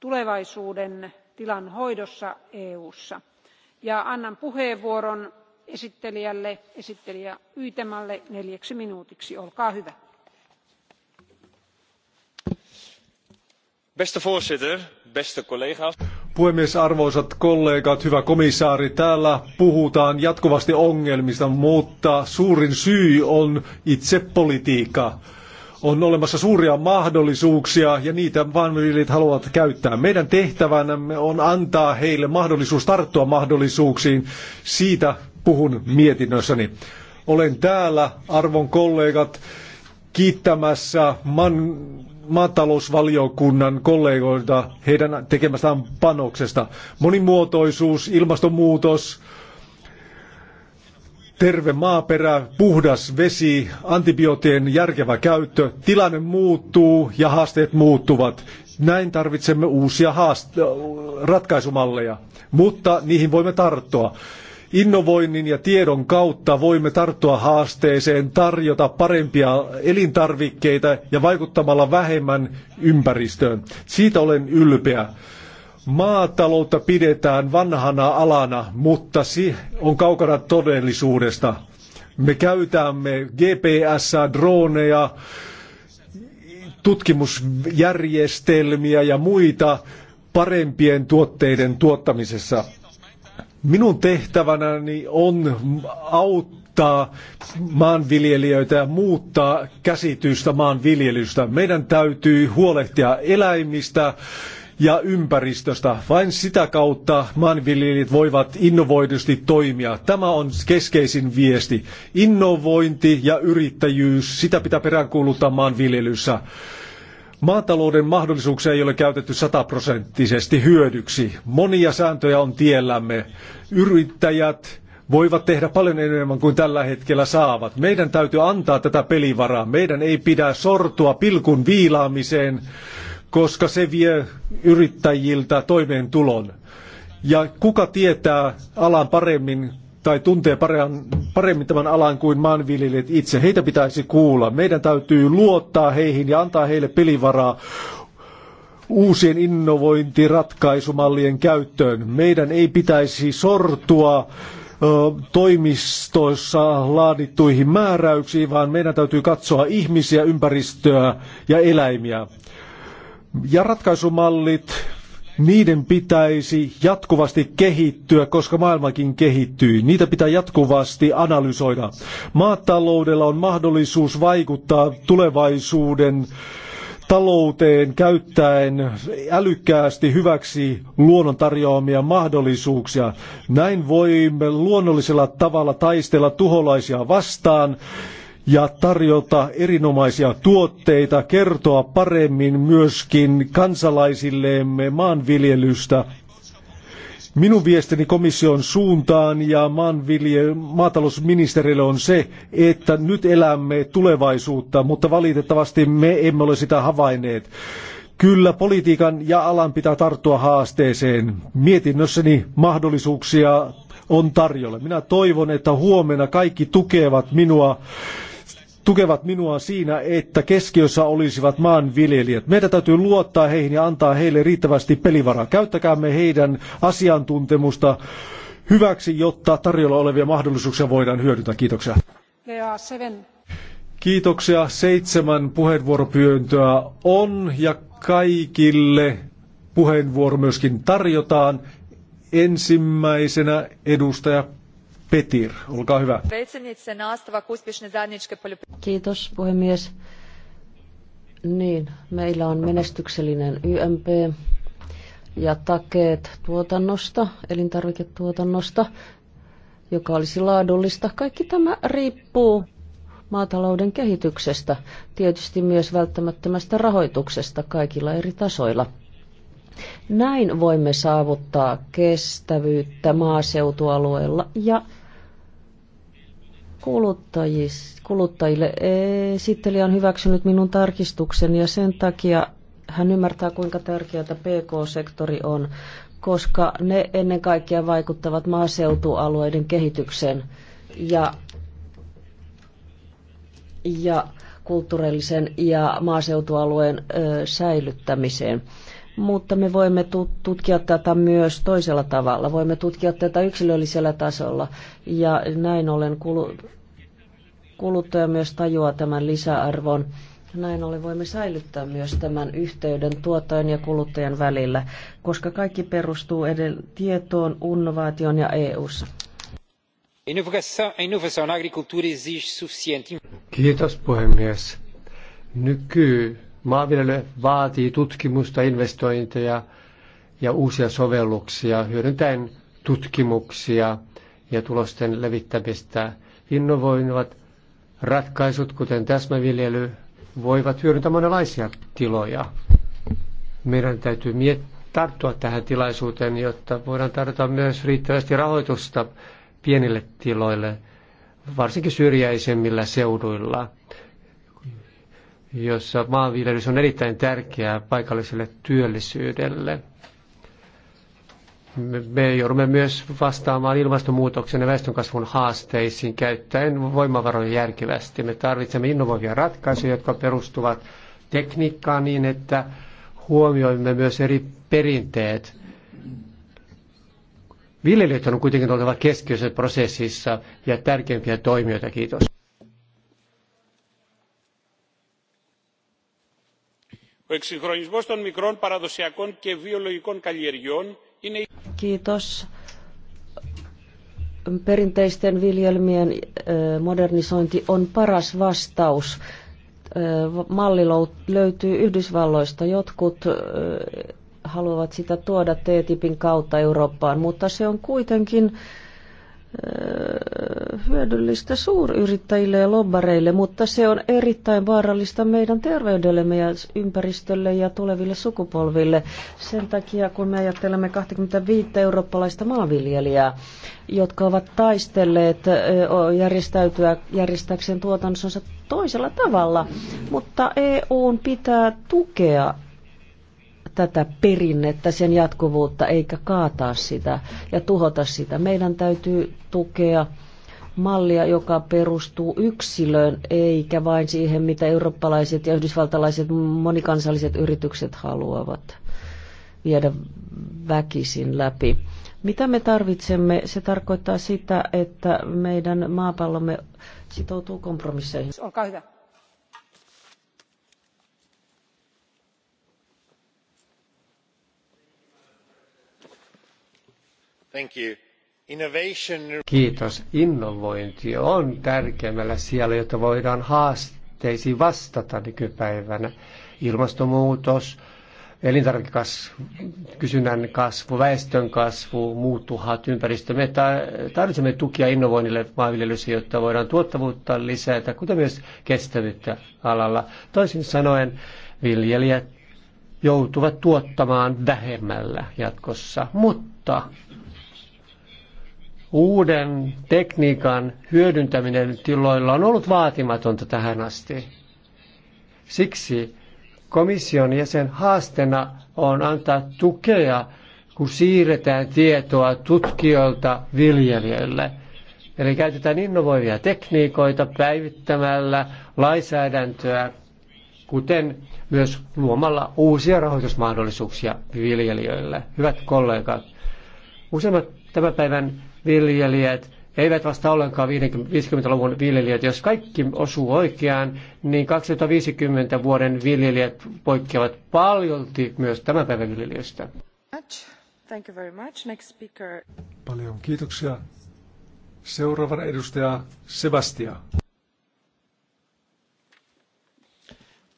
tulevaisuuden tilan hoidossa eu ssa ja annan puheenvuoron esittelijälle esittelijä uitemalle neljäksi minuutiksi. olkaa hyvä. puhemies arvoisat kollegat hyvä komissaari täällä puhutaan jatkuvasti ongelmista mutta suurin syy on itse politiikka on olemassa suuria mahdollisuuksia ja niitä maanviljelijät haluavat käyttää. Meidän tehtävänämme on antaa heille mahdollisuus tarttua mahdollisuuksiin. Siitä puhun mietinnössäni. Olen täällä, arvon kollegat, kiittämässä man, maatalousvaliokunnan kollegoita heidän tekemästään panoksesta. Monimuotoisuus, ilmastonmuutos, terve maaperä, puhdas vesi, antibioottien järkevä käyttö, tilanne muuttuu ja haasteet muuttuvat. Näin tarvitsemme uusia haast- ratkaisumalleja, mutta niihin voimme tarttua. Innovoinnin ja tiedon kautta voimme tarttua haasteeseen, tarjota parempia elintarvikkeita ja vaikuttamalla vähemmän ympäristöön. Siitä olen ylpeä. Maataloutta pidetään vanhana alana, mutta se on kaukana todellisuudesta. Me käytämme GPS, droneja, tutkimusjärjestelmiä ja muita parempien tuotteiden tuottamisessa. Minun tehtävänäni on auttaa maanviljelijöitä ja muuttaa käsitystä maanviljelystä. Meidän täytyy huolehtia eläimistä, ja ympäristöstä. Vain sitä kautta maanviljelijät voivat innovoidusti toimia. Tämä on keskeisin viesti. Innovointi ja yrittäjyys, sitä pitää peräänkuuluttaa maanviljelyssä. Maatalouden mahdollisuuksia ei ole käytetty sataprosenttisesti hyödyksi. Monia sääntöjä on tiellämme. Yrittäjät, voivat tehdä paljon enemmän kuin tällä hetkellä saavat. Meidän täytyy antaa tätä pelivaraa. Meidän ei pidä sortua pilkun viilaamiseen, koska se vie yrittäjiltä toimeentulon. Ja kuka tietää alan paremmin tai tuntee paremmin tämän alan kuin maanviljelijät itse. Heitä pitäisi kuulla. Meidän täytyy luottaa heihin ja antaa heille pelivaraa uusien innovointiratkaisumallien käyttöön. Meidän ei pitäisi sortua toimistoissa laadittuihin määräyksiin, vaan meidän täytyy katsoa ihmisiä, ympäristöä ja eläimiä. Ja ratkaisumallit, niiden pitäisi jatkuvasti kehittyä, koska maailmakin kehittyy. Niitä pitää jatkuvasti analysoida. Maataloudella on mahdollisuus vaikuttaa tulevaisuuden talouteen käyttäen älykkäästi hyväksi luonnon tarjoamia mahdollisuuksia. Näin voimme luonnollisella tavalla taistella tuholaisia vastaan ja tarjota erinomaisia tuotteita, kertoa paremmin myöskin kansalaisillemme maanviljelystä. Minun viestini komission suuntaan ja maanvilje, maatalousministerille on se, että nyt elämme tulevaisuutta, mutta valitettavasti me emme ole sitä havainneet. Kyllä politiikan ja alan pitää tarttua haasteeseen. Mietinnössäni mahdollisuuksia on tarjolla. Minä toivon, että huomenna kaikki tukevat minua tukevat minua siinä, että keskiössä olisivat maanviljelijät. Meidän täytyy luottaa heihin ja antaa heille riittävästi pelivaraa. Käyttäkäämme heidän asiantuntemusta hyväksi, jotta tarjolla olevia mahdollisuuksia voidaan hyödyntää. Kiitoksia. Kiitoksia. Seitsemän puheenvuoropyöntöä on ja kaikille puheenvuoro myöskin tarjotaan. Ensimmäisenä edustaja arvoisa Kiitos puhemies. Niin, meillä on menestyksellinen YMP ja takeet tuotannosta, elintarviketuotannosta, joka olisi laadullista. Kaikki tämä riippuu maatalouden kehityksestä, tietysti myös välttämättömästä rahoituksesta kaikilla eri tasoilla. Näin voimme saavuttaa kestävyyttä maaseutualueella ja kuluttajille. Esittelijä on hyväksynyt minun tarkistukseni ja sen takia hän ymmärtää, kuinka tärkeää PK-sektori on, koska ne ennen kaikkea vaikuttavat maaseutualueiden kehitykseen ja, ja kulttuurillisen ja maaseutualueen ö, säilyttämiseen mutta me voimme tutkia tätä myös toisella tavalla. Voimme tutkia tätä yksilöllisellä tasolla ja näin ollen kuluttaja myös tajuaa tämän lisäarvon. Näin ollen voimme säilyttää myös tämän yhteyden tuottajan ja kuluttajan välillä, koska kaikki perustuu edelleen tietoon, innovaation ja EU-ssa. Kiitos puhemies. Nyky maanviljely vaatii tutkimusta, investointeja ja uusia sovelluksia, hyödyntäen tutkimuksia ja tulosten levittämistä. innovoinnat ratkaisut, kuten täsmäviljely, voivat hyödyntää monenlaisia tiloja. Meidän täytyy miettiä, tarttua tähän tilaisuuteen, jotta voidaan tarjota myös riittävästi rahoitusta pienille tiloille, varsinkin syrjäisemmillä seuduilla, jossa maanviljelys on erittäin tärkeää paikalliselle työllisyydelle me joudumme myös vastaamaan ilmastonmuutoksen ja väestönkasvun haasteisiin käyttäen voimavaroja järkevästi. Me tarvitsemme innovoivia ratkaisuja, jotka perustuvat tekniikkaan niin, että huomioimme myös eri perinteet. Viljelijät on kuitenkin oltava keskeisessä prosessissa ja tärkeimpiä toimijoita. Kiitos. Ο εξυγχρονισμός των μικρών παραδοσιακών και βιολογικών καλλιεργιών Kiitos. Perinteisten viljelmien modernisointi on paras vastaus. Malli löytyy Yhdysvalloista. Jotkut haluavat sitä tuoda TTIPin kautta Eurooppaan, mutta se on kuitenkin hyödyllistä suuryrittäjille ja lobbareille, mutta se on erittäin vaarallista meidän terveydellemme ja ympäristölle ja tuleville sukupolville. Sen takia, kun me ajattelemme 25 eurooppalaista maanviljelijää, jotka ovat taistelleet järjestäytyä, järjestääkseen tuotannossa toisella tavalla, mutta EUn pitää tukea tätä perinnettä, sen jatkuvuutta, eikä kaataa sitä ja tuhota sitä. Meidän täytyy tukea mallia, joka perustuu yksilöön, eikä vain siihen, mitä eurooppalaiset ja yhdysvaltalaiset monikansalliset yritykset haluavat viedä väkisin läpi. Mitä me tarvitsemme? Se tarkoittaa sitä, että meidän maapallomme sitoutuu kompromisseihin. Olkaa hyvä. Kiitos. Innovointi on tärkeimmällä siellä, jotta voidaan haasteisiin vastata nykypäivänä. Ilmastonmuutos, elintarvikekysynnän kasvu, väestön kasvu, muuttuhat ympäristö. Me tarvitsemme tukia innovoinnille maanviljelyssä, jotta voidaan tuottavuutta lisätä, kuten myös kestävyyttä alalla. Toisin sanoen viljelijät joutuvat tuottamaan vähemmällä jatkossa, mutta uuden tekniikan hyödyntäminen tiloilla on ollut vaatimatonta tähän asti. Siksi komission jäsen haasteena on antaa tukea, kun siirretään tietoa tutkijoilta viljelijöille. Eli käytetään innovoivia tekniikoita päivittämällä lainsäädäntöä, kuten myös luomalla uusia rahoitusmahdollisuuksia viljelijöille. Hyvät kollegat, useimmat tämän päivän viljelijät eivät vasta ollenkaan 50-luvun viljelijät. Jos kaikki osuu oikeaan, niin 2050 vuoden viljelijät poikkeavat paljolti myös tämän päivän viljelijöistä. Thank you very much. Next speaker. Paljon kiitoksia. Seuraavana edustaja Sebastia.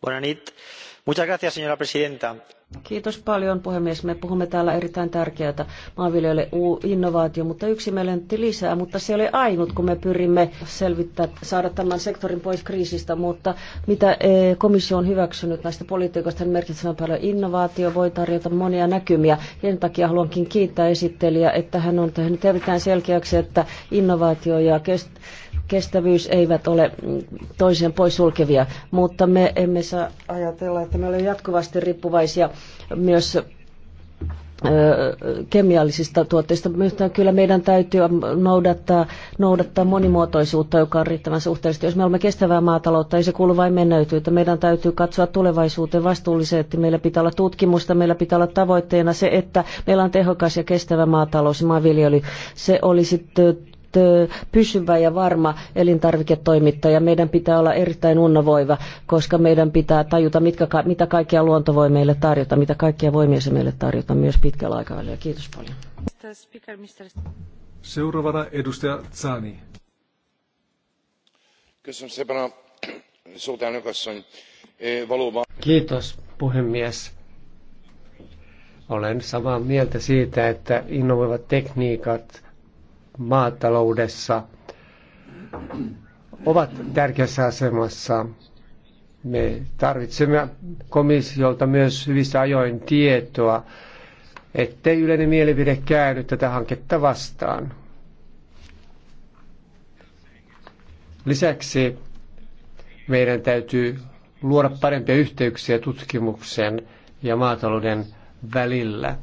Buenanit. Muchas gracias, señora presidenta. Kiitos paljon puhemies. Me puhumme täällä erittäin tärkeää maanviljelijöille innovaatio, mutta yksi meillä nyt lisää, mutta se oli ainut, kun me pyrimme selvittää, saada tämän sektorin pois kriisistä, mutta mitä e, komissio on hyväksynyt näistä politiikoista, niin merkitsevän paljon innovaatio voi tarjota monia näkymiä. Sen takia haluankin kiittää esittelijä, että hän on tehnyt erittäin selkeäksi, että innovaatio ja kestävyys kestävyys eivät ole toisen poissulkevia, mutta me emme saa ajatella, että me olemme jatkuvasti riippuvaisia myös kemiallisista tuotteista. kyllä meidän täytyy noudattaa, noudattaa monimuotoisuutta, joka on riittävän suhteellista. Jos me olemme kestävää maataloutta, ei se kuulu vain menneisyyttä. Meidän täytyy katsoa tulevaisuuteen vastuullisesti. Meillä pitää olla tutkimusta, meillä pitää olla tavoitteena se, että meillä on tehokas ja kestävä maatalous ja maanviljely. Se olisi pysyvä ja varma elintarviketoimittaja. Meidän pitää olla erittäin unnovoiva, koska meidän pitää tajuta, mitkä, mitä kaikkea luonto voi meille tarjota, mitä kaikkia voimia se meille tarjota myös pitkällä aikavälillä. Kiitos paljon. Seuraavana edustaja Zani. Kiitos puhemies. Olen samaa mieltä siitä, että innovoivat tekniikat maataloudessa ovat tärkeässä asemassa. Me tarvitsemme komissiolta myös hyvissä ajoin tietoa, ettei yleinen mielipide käänny tätä hanketta vastaan. Lisäksi meidän täytyy luoda parempia yhteyksiä tutkimuksen ja maatalouden välillä.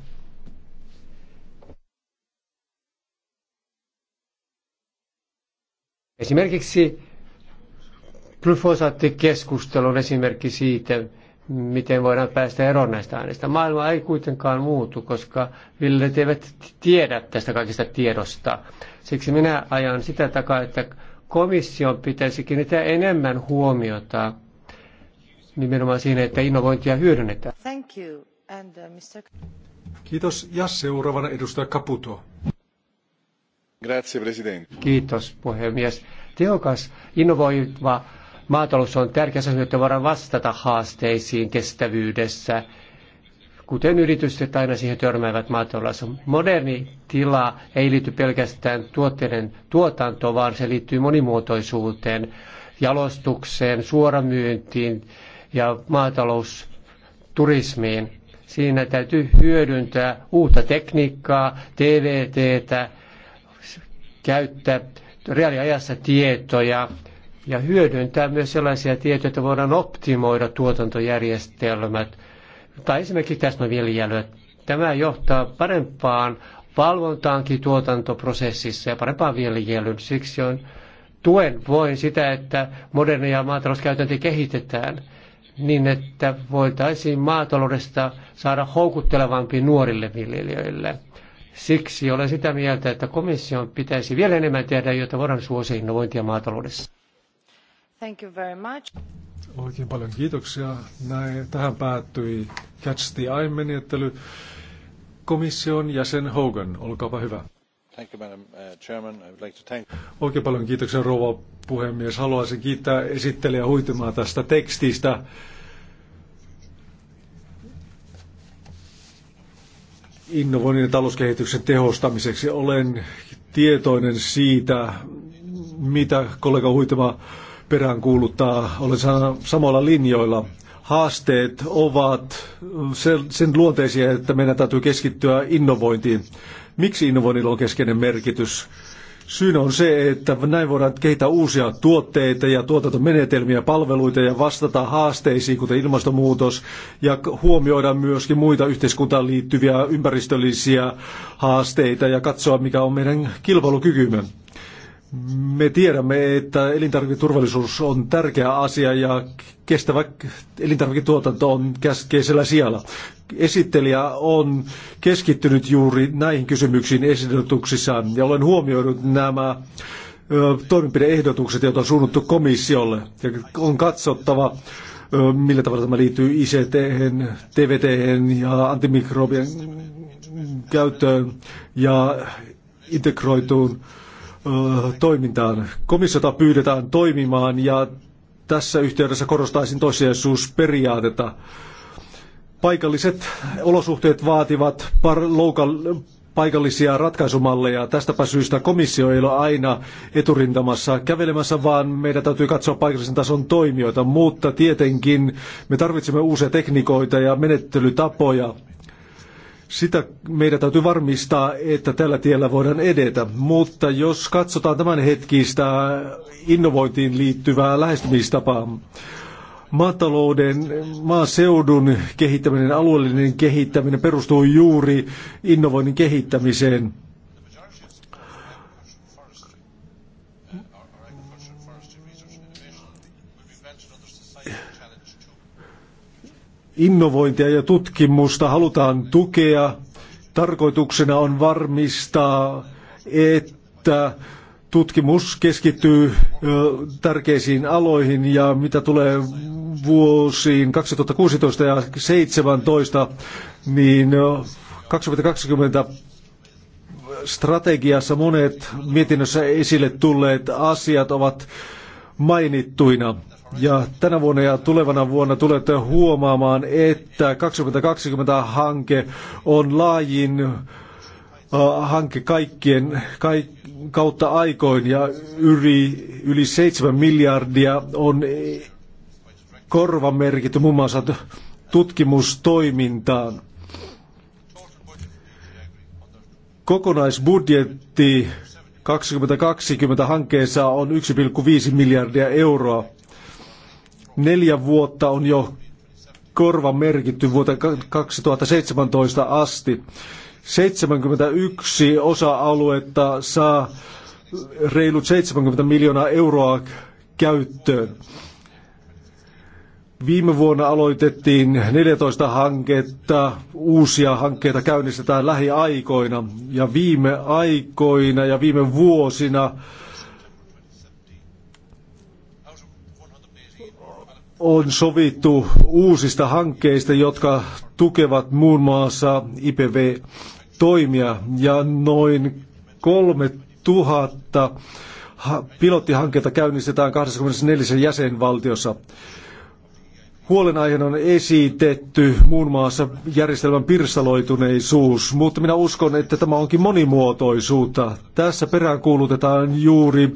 Esimerkiksi glyfosaattikeskustelun esimerkki siitä, miten voidaan päästä eroon näistä aineista. Maailma ei kuitenkaan muutu, koska villet eivät tiedä tästä kaikesta tiedosta. Siksi minä ajan sitä takaa, että komission pitäisi kiinnittää enemmän huomiota nimenomaan siinä, että innovointia hyödynnetään. Thank you. And, uh, Mr. Kiitos. Ja seuraavana edustaja Caputo. Grazie, Kiitos, puhemies. Tehokas, innovoiva maatalous on tärkeä asia, jotta voidaan vastata haasteisiin kestävyydessä, kuten yritykset aina siihen törmäävät maataloudessa. Moderni tila ei liity pelkästään tuotteiden tuotantoon, vaan se liittyy monimuotoisuuteen, jalostukseen, suoramyyntiin ja maatalousturismiin. Siinä täytyy hyödyntää uutta tekniikkaa, TVTtä, käyttää reaaliajassa tietoja ja hyödyntää myös sellaisia tietoja, että voidaan optimoida tuotantojärjestelmät tai esimerkiksi täsmäviljelyä. Tämä johtaa parempaan valvontaankin tuotantoprosessissa ja parempaan viljelyyn. Siksi on tuen voin sitä, että moderneja maatalouskäytäntöjä kehitetään niin, että voitaisiin maataloudesta saada houkuttelevampi nuorille viljelijöille. Siksi olen sitä mieltä, että komission pitäisi vielä enemmän tehdä, jotta voidaan suosia innovointia maataloudessa. Thank you very much. Oikein paljon kiitoksia. Näin, tähän päättyi Catch the Eye-menettely. Komission jäsen Hogan, olkaapa hyvä. Thank you, Madam uh, Chairman. I would like to thank... Oikein paljon kiitoksia, rouva puhemies. Haluaisin kiittää esittelijä huitumaa tästä tekstistä. innovoinnin ja talouskehityksen tehostamiseksi. Olen tietoinen siitä, mitä kollega Huitema perään kuuluttaa. Olen samalla linjoilla. Haasteet ovat sen luonteisia, että meidän täytyy keskittyä innovointiin. Miksi innovoinnilla on keskeinen merkitys? Syynä on se, että näin voidaan kehittää uusia tuotteita ja tuotantomenetelmiä, palveluita ja vastata haasteisiin, kuten ilmastonmuutos, ja huomioida myöskin muita yhteiskuntaan liittyviä ympäristöllisiä haasteita ja katsoa, mikä on meidän kilpailukykymme. Me tiedämme, että elintarviketurvallisuus on tärkeä asia ja kestävä elintarviketuotanto on keskeisellä sijalla. Esittelijä on keskittynyt juuri näihin kysymyksiin esitetyksissään ja olen huomioinut nämä toimenpideehdotukset, joita on suunnattu komissiolle. Ja on katsottava, millä tavalla tämä liittyy ICT, hen, TVT hen ja antimikrobien käyttöön ja integroituun toimintaan. Komissiota pyydetään toimimaan ja tässä yhteydessä korostaisin toissijaisuusperiaatetta. Paikalliset olosuhteet vaativat paikallisia ratkaisumalleja. Tästäpä syystä komissio ei ole aina eturintamassa kävelemässä, vaan meidän täytyy katsoa paikallisen tason toimijoita. Mutta tietenkin me tarvitsemme uusia tekniikoita ja menettelytapoja sitä meidän täytyy varmistaa, että tällä tiellä voidaan edetä. Mutta jos katsotaan tämän hetkistä innovointiin liittyvää lähestymistapaa, maatalouden, maaseudun kehittäminen, alueellinen kehittäminen perustuu juuri innovoinnin kehittämiseen – innovointia ja tutkimusta halutaan tukea. Tarkoituksena on varmistaa, että tutkimus keskittyy tärkeisiin aloihin ja mitä tulee vuosiin 2016 ja 2017, niin 2020 strategiassa monet mietinnössä esille tulleet asiat ovat mainittuina. Ja tänä vuonna ja tulevana vuonna tulette huomaamaan, että 2020-hanke on laajin äh, hanke kaikkien kaik, kautta aikoin ja yli, yli 7 miljardia on e, korvamerkitty muun muassa tutkimustoimintaan. Kokonaisbudjetti 2020 hankkeessa on 1,5 miljardia euroa. Neljä vuotta on jo korva merkitty vuoteen 2017 asti. 71 osa-aluetta saa reilut 70 miljoonaa euroa käyttöön. Viime vuonna aloitettiin 14 hanketta, uusia hankkeita käynnistetään lähiaikoina ja viime aikoina ja viime vuosina on sovittu uusista hankkeista, jotka tukevat muun muassa IPV-toimia ja noin 3000 pilottihanketta käynnistetään 24 jäsenvaltiossa. Huolenaiheena on esitetty muun muassa järjestelmän pirstaloituneisuus, mutta minä uskon, että tämä onkin monimuotoisuutta. Tässä peräänkuulutetaan juuri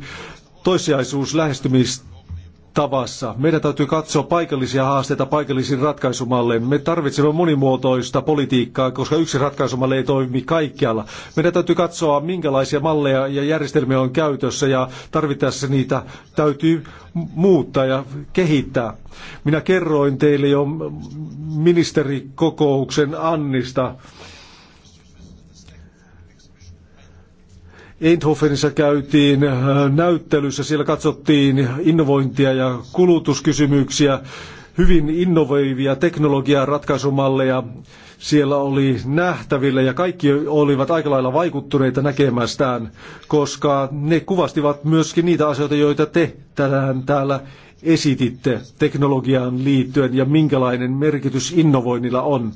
toissijaisuuslähestymistä tavassa. Meidän täytyy katsoa paikallisia haasteita paikallisiin ratkaisumalleen. Me tarvitsemme monimuotoista politiikkaa, koska yksi ratkaisumalli ei toimi kaikkialla. Meidän täytyy katsoa, minkälaisia malleja ja järjestelmiä on käytössä ja tarvittaessa niitä täytyy muuttaa ja kehittää. Minä kerroin teille jo ministerikokouksen Annista. Eindhovenissa käytiin äh, näyttelyssä, siellä katsottiin innovointia ja kulutuskysymyksiä, hyvin innovoivia teknologiaa, ratkaisumalleja siellä oli nähtävillä ja kaikki olivat aika lailla vaikuttuneita näkemästään, koska ne kuvastivat myöskin niitä asioita, joita te tänään täällä esititte teknologiaan liittyen ja minkälainen merkitys innovoinnilla on.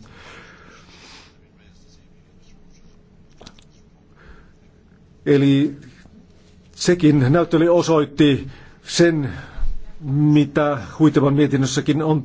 Eli sekin näyttely osoitti sen, mitä Huiteman mietinnössäkin on